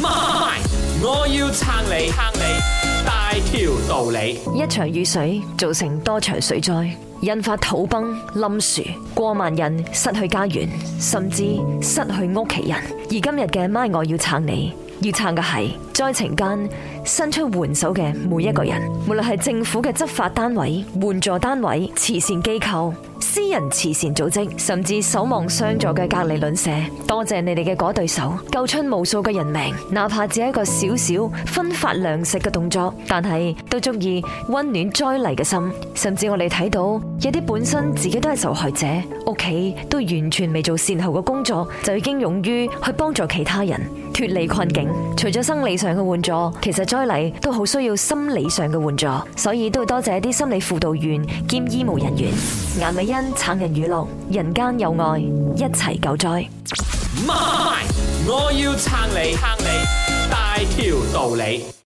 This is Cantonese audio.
媽咪，我要撐你，撐你，大條道理。一場雨水造成多場水災，引發土崩、冧樹，過萬人失去家園，甚至失去屋企人。而今日嘅媽咪，我要撐你。要撐嘅係災情間伸出援手嘅每一個人，無論係政府嘅執法單位、援助單位、慈善機構、私人慈善組織，甚至守望相助嘅隔籬鄰舍，多謝你哋嘅嗰對手救出無數嘅人命，哪怕只係一個小小分發糧食嘅動作，但係都足以溫暖災黎嘅心。甚至我哋睇到有啲本身自己都係受害者，屋企都完全未做善後嘅工作，就已經勇於去幫助其他人。脱離困境，除咗生理上嘅援助，其實災黎都好需要心理上嘅援助，所以都要多謝一啲心理輔導員兼醫務人員眼恩。顏美恩撐人語錄，人間有愛，一齊救災。媽咪，我要撐你，撐你，大條道理。